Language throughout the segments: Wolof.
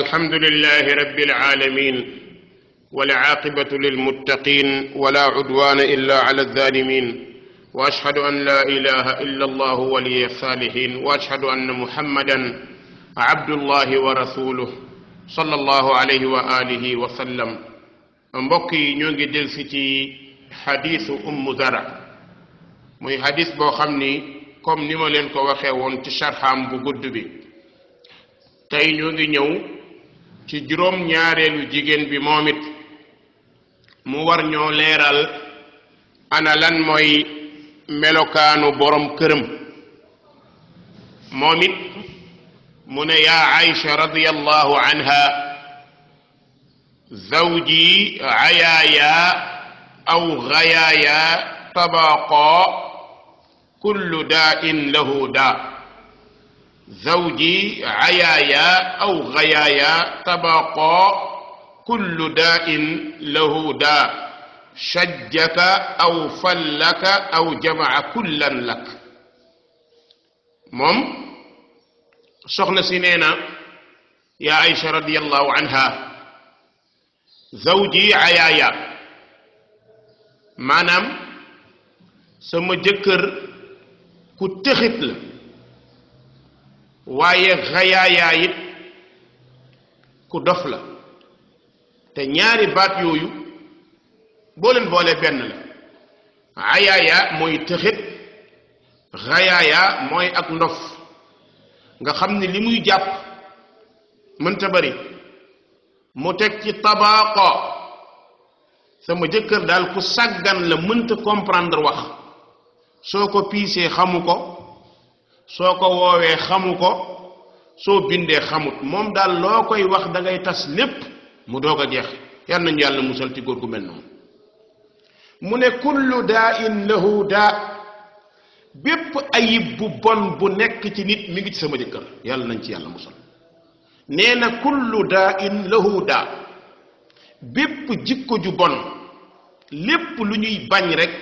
الحمد لله رب العالمين والعاقبة للمتقين ولا عدوان إلا على الظالمين وأشهد أن لا إله إلا الله ولي الصالحين وأشهد أن محمدا عبد الله ورسوله صلى الله عليه وآله وسلم مبكي نيونغ دلسيتي حديث أم زرع موي حديث بو خمني كوم نيمالين كو واخي وون تي شرحام بو تاي نيونغ نيو ci juróom ñaareelu jigéen bi moom mu war ñoo leeral ana lan mooy melokaanu borom këram moom it mu ne yaa Aïcha radiyallahu anha zawji ayaaya aw gayaaya tabaqa kullu daa lahu daa زوجي عيايا أو غيايا تبقى كل داء له داء شجك أو فلك أو جمع كلا لك مم سخن سنينة يا عائشة رضي الله عنها زوجي عيايا ما سمجكر كتخت waaye xayaayaa it ku dof la te ñaari baat yooyu boo boolee benn la xayaayaa mooy tëxit xayaayaa mooy ak ndof nga xam ne li muy jàpp mënta bari mu teg ci tabaqa sama jëkkër daal ku sàggan la mënta comprendre wax soo ko piisee xamu ko soo ko woowee xamu ko soo bindee xamut moom daal loo koy wax dangay tas lépp mu doog a jeex yal nañu yàlla musal ci góor gu mel noonu mu ne kullu daa in lahu bépp ayib bu bon bu nekk ci nit mi ngi ci sama jëkkër yàlla nañ ci yàlla musal nee na kullu daa in lahu daa bépp jikko ju bon lépp lu ñuy bañ rekk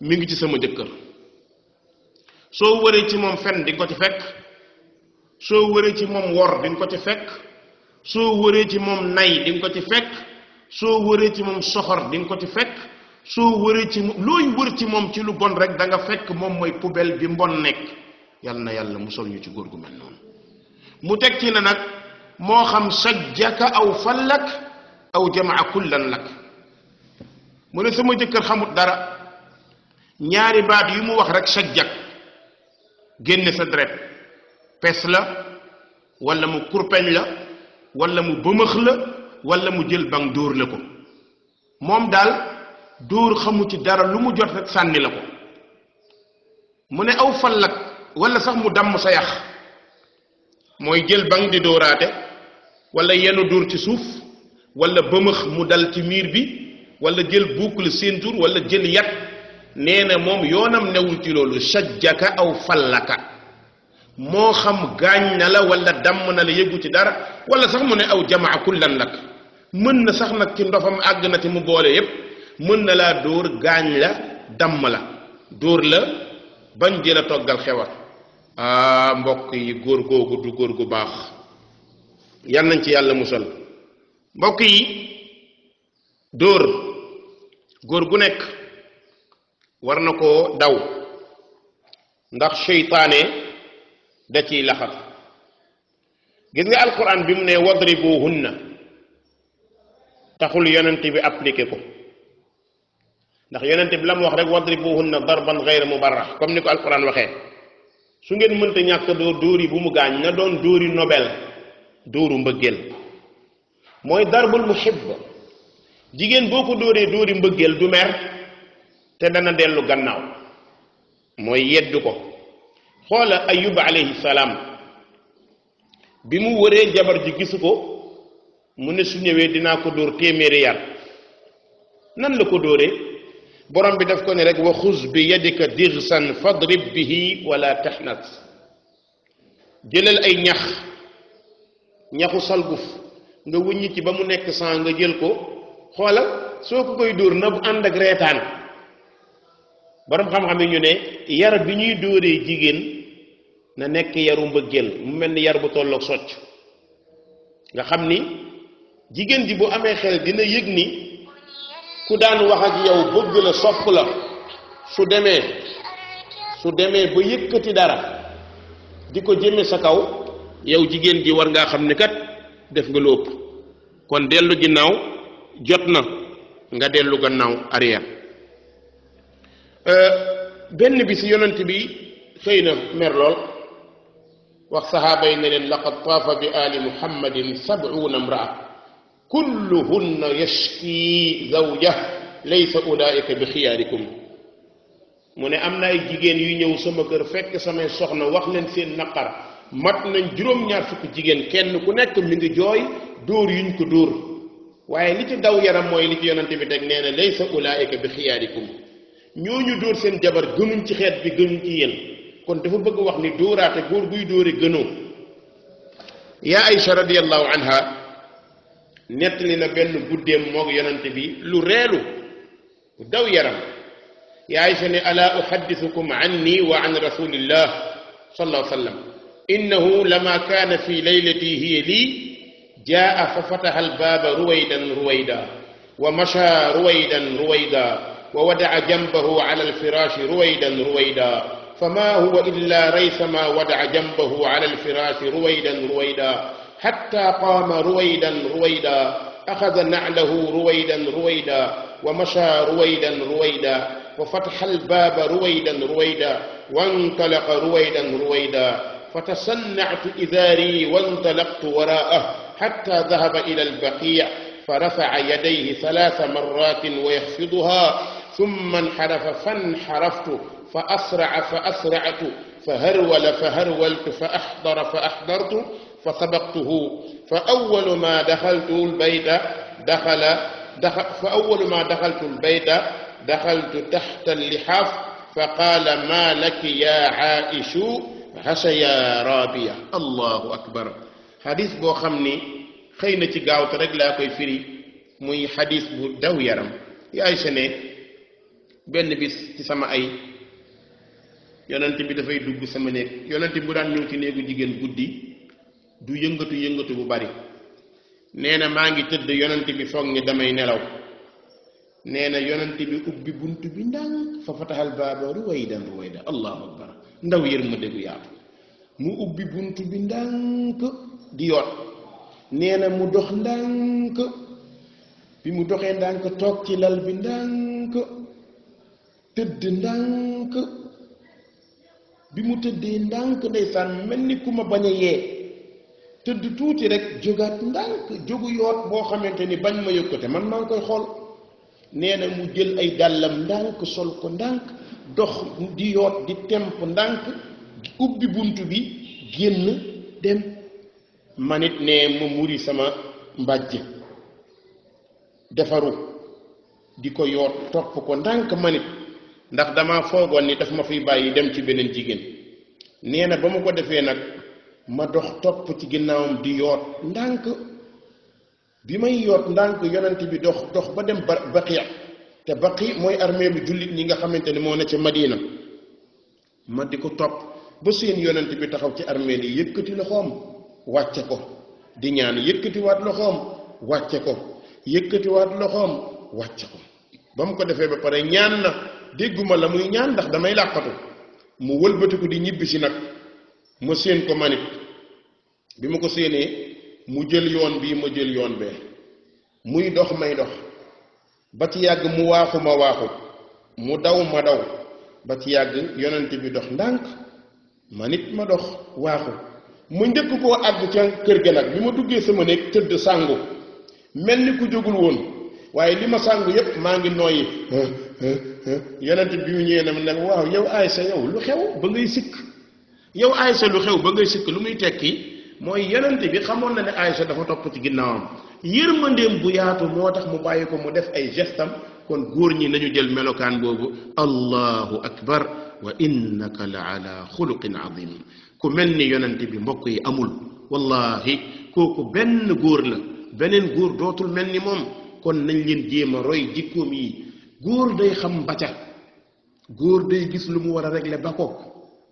mu ngi ci sama jëkkër soo wëree ci moom fen di ko ci fekk soo wëree ci moom wor di nga ko ci fekk soo wëree ci moom nay di ko ci fekk soo wëree ci moom soxor di nga ko ci fekk soo wëree ci looy wër ci moom ci lu bon rek da nga fekk moom mooy poubelle bi mbon nekk yal na yàlla musal ñu ci góor gu mel noonu mu teg ci na nag moo xam sajjaka aw fallak aw jamaa kullan lak mu ne sama jëkkër xamut dara ñaari baat yu mu wax rek sajjak génne sa dret pes la wala mu kurpeñ la wala mu bëmëx la wala mu jël bang dóor la ko moom daal dóor xamu ci dara lu mu jot rek sànni la ko mu ne aw fallak wala sax mu damm sa yax mooy jël bang di dóoraate wala yenu dóor ci suuf wala bëmëx mu dal ci miir bi wala jël boucle ceinture wala jël yat nee na moom yoonam newul ci loolu sajjaka aw fallaka moo xam gaañ na la walla dàmm na la yëggu ci dara wala sax mu ne aw jamaa kullan lak mën na sax nag ci ndofam àgg na ci mu boole yépp mën na laa dóor gaañ la damm la dóor la bañ di la toggal xewar ah mbokk yi góor googu du góor gu baax yal nañ ci yàlla musal mbokk yi dóor góor gu nekk warnako daw ndax shaytané da ci laxat gis nga alquran bi ne wadribuhunna taxul yonent bi appliquer ko ndax yonent bi lam wax rek wadribuhunna darban ghayr mubarrah comme niko alquran waxé su ngeen mënta ñàkk do dóori bu mu gaañ na doon dóori nobel dóoru mbëggeel mooy darbul muhib jigéen boo ko dóoree dóori mbëggeel du mer te dana dellu gannaaw mooy yeddu ko xoola ayuba alayhi salaam bi mu wëree jabar ji gisu ko mu ne su ñëwee dinaa ko dóor téeméeri yar nan la ko dóoree borom bi daf ko ne rek wa xuz bi yadika dirsan fadrib bihi wala taxnat jëlal ay ñax ñaxu salguf nga wuññi ci ba mu nekk sans nga jël ko xoolal soo ko koy dóor na bu ànd ak reetaan boroom xam-xam yi ñu ne yar bi ñuy dóoree jigéen na nekk yaru mbëggeel mu mel ni yar bu tolloog socc nga xam ni jigéen ji bu amee xel dina yëg ni ku daan wax ak yow bëgg la sopp la su demee su demee ba yëkkati dara di ko jëme sa kaw yow jigéen ji war ngaa xam ni kat def nga lu ëpp kon dellu ginnaaw jot na nga dellu gannaaw arrière بن بيسي يونتبي خينا ميرلول وصحابين لقد طاف بآل محمد سبعون امرأة كلهن يشكي زوجه ليس أولئك بخياركم من أمنا جيجين ينيو سمكر فك سمي سخنا وخلن سين نقر matna jurom ñaar fukk jigen kenn ku nekk mi ngi joy door yuñ ko door waye li ci daw yaram moy li ci yonent bi tek neena laysa ulaika bi khiyarikum ñooñu dóor seen jabar gënuñ ci xeet bi gënuñ ci yéen kon dafa bëgg wax ni dóoraate góor guy dóore gënoo yaa Aïcha radiyallahu anha nettali na benn guddeem moog yonante bi lu reelu bu daw yaram yaa ay ne ala uhaddithukum anni wa an rasulillah sallallahu alayhi wa sallam innahu lama kana fi laylati hiya li jaa fa fataha al albaaba ruwaydan ruwayda wa masha ruwaydan ruwayda ووضع جنبه على الفراش رويدا رويدا فما هو إلا ريثما وضع جنبه على الفراش رويدا رويدا حتى قام رويدا رويدا أخذ نعله رويدا رويدا ومشى رويدا رويدا وفتح الباب رويدا رويدا وانطلق رويدا رويدا فتصنعت إذاري وانطلقت وراءه حتى ذهب إلى البقيع فرفع يديه ثلاث مرات ويخفضها ثم انحرف فانحرفت فأسرع فأسرعت فهرول فهرولت فأحضر فأحضرت فسبقته فأول ما دخلت البيت دخل, دخل فأول ما دخلت البيت دخلت تحت اللحاف فقال ما لك يا عائش يا رابية الله أكبر حديث بو خمني خينا تي رجلا كيفري مي حديث بو muy xadis يا daw benn bis ci sama ay yonent bi dafay dugg sama néeg yonent bu daan ñëw ci neegu jigéen guddi du yëngatu yëngatu bu bari nee na maa ngi tëdd yonent bi foog ni damay nelaw nee na yonent bi ubbi bunt bi ndal fa fataxal allahu akbar ndaw yaatu mu ubbi bunt bi ndànk di yoot nee na mu dox ndànk bi mu doxee ndànk toog ci lal bi ndànk tëdd ndànk bi mu tëddee ndànk ndeysaan mel ni ku ma bañ a yee tëdd tuuti rek jógaat ndànk jógu yoot boo xamante ni bañ ma yëkkate man maa ngi koy xool nee na mu jël ay dàllam ndànk sol ko ndànk dox di yoot di temp ndànk ubbi bunt bi génn dem manit ne ma muri sama mbàjj defaru di ko yoot topp ko ndànk manit ndax dama foogoon ni daf ma fiy bàyyi dem ci beneen jigéen nee na ba mu ko defee nag ma dox topp ci ginnaawam di yoot ndànk bi may yoot ndànk yonent bi dox dox ba dem ba baqi te baqi mooy armée bi jullit ñi nga xamante ni moo ne ca Madina ma di ko topp ba seen yonent bi taxaw ci armée li yëkkati loxoom wàcce ko di ñaan yëkkatiwaat loxoom wàcce ko yëkkatiwaat loxoom wàcce ko ba mu ko defee ba pare ñaan na dégguma la muy ñaan ndax damay làqatu mu wëlbatiku di ñibbisi nag ma séen ko manit bi ma ko séenee mu jël yoon bii ma jël yoon bee muy dox may dox ba ci yàgg mu waaxu ma waaxu mu daw ma daw ba ci yàgg yonent bi dox ndànk manit ma dox waaxu mu njëkk koo àgg ca kër gi nag bi ma duggee sama néeg tëdd sàngu mel ni ku jógul woon waye lima ma sàng yépp maa ngi nooyi yonent bi mu ñëwee na waaw yow aïssa yow lu xew ba ngay sik yow aïssa lu xew ba ngay sik lu muy tekki moy yonent bi xamoon na ni aïssa dafa top ci ginnawam yermandem bu yaatu motax mu bayiko mu def ay gestam kon góor ñi nañu jël melokan bobu allahu akbar wa innaka la ala xuluqin azim ku melni yonent bi mbokk yi amul wallahi koku benn góor la benen góor dootul melni mom kon nañ leen jéem a roy jikkoom yi góor day xam ba góor day gis lu mu war a régler ba ko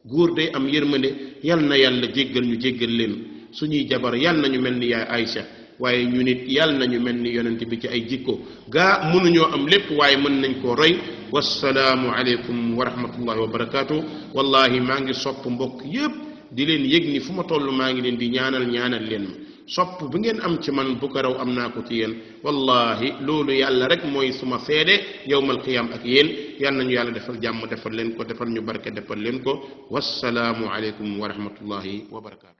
góor day am yërmande yal na yàlla jéggal ñu jéggal leen suñuy jabar yal na ñu mel ni yaay Aïcha waaye ñu nit yal na ñu mel ni yonent bi ci ay jikko gaa mënuñoo am lépp waaye mën nañ koo roy wasalaamu aleykum wa rahmatullahi wa barakaatu wallahi maa ngi sopp mbokk yépp di leen yëg ni fu ma toll maa ngi leen di ñaanal ñaanal leen ma sopp bi ngeen am ci man bu ko raw am naa ko ci yéen wallahi loolu yàlla rek mooy suma seede yowmal qiyam ak yéen yal nañu yàlla defal jàmm defal leen ko defal ñu barke defal leen ko wassalaamu aleykum wa rahmatullahi wa barakatu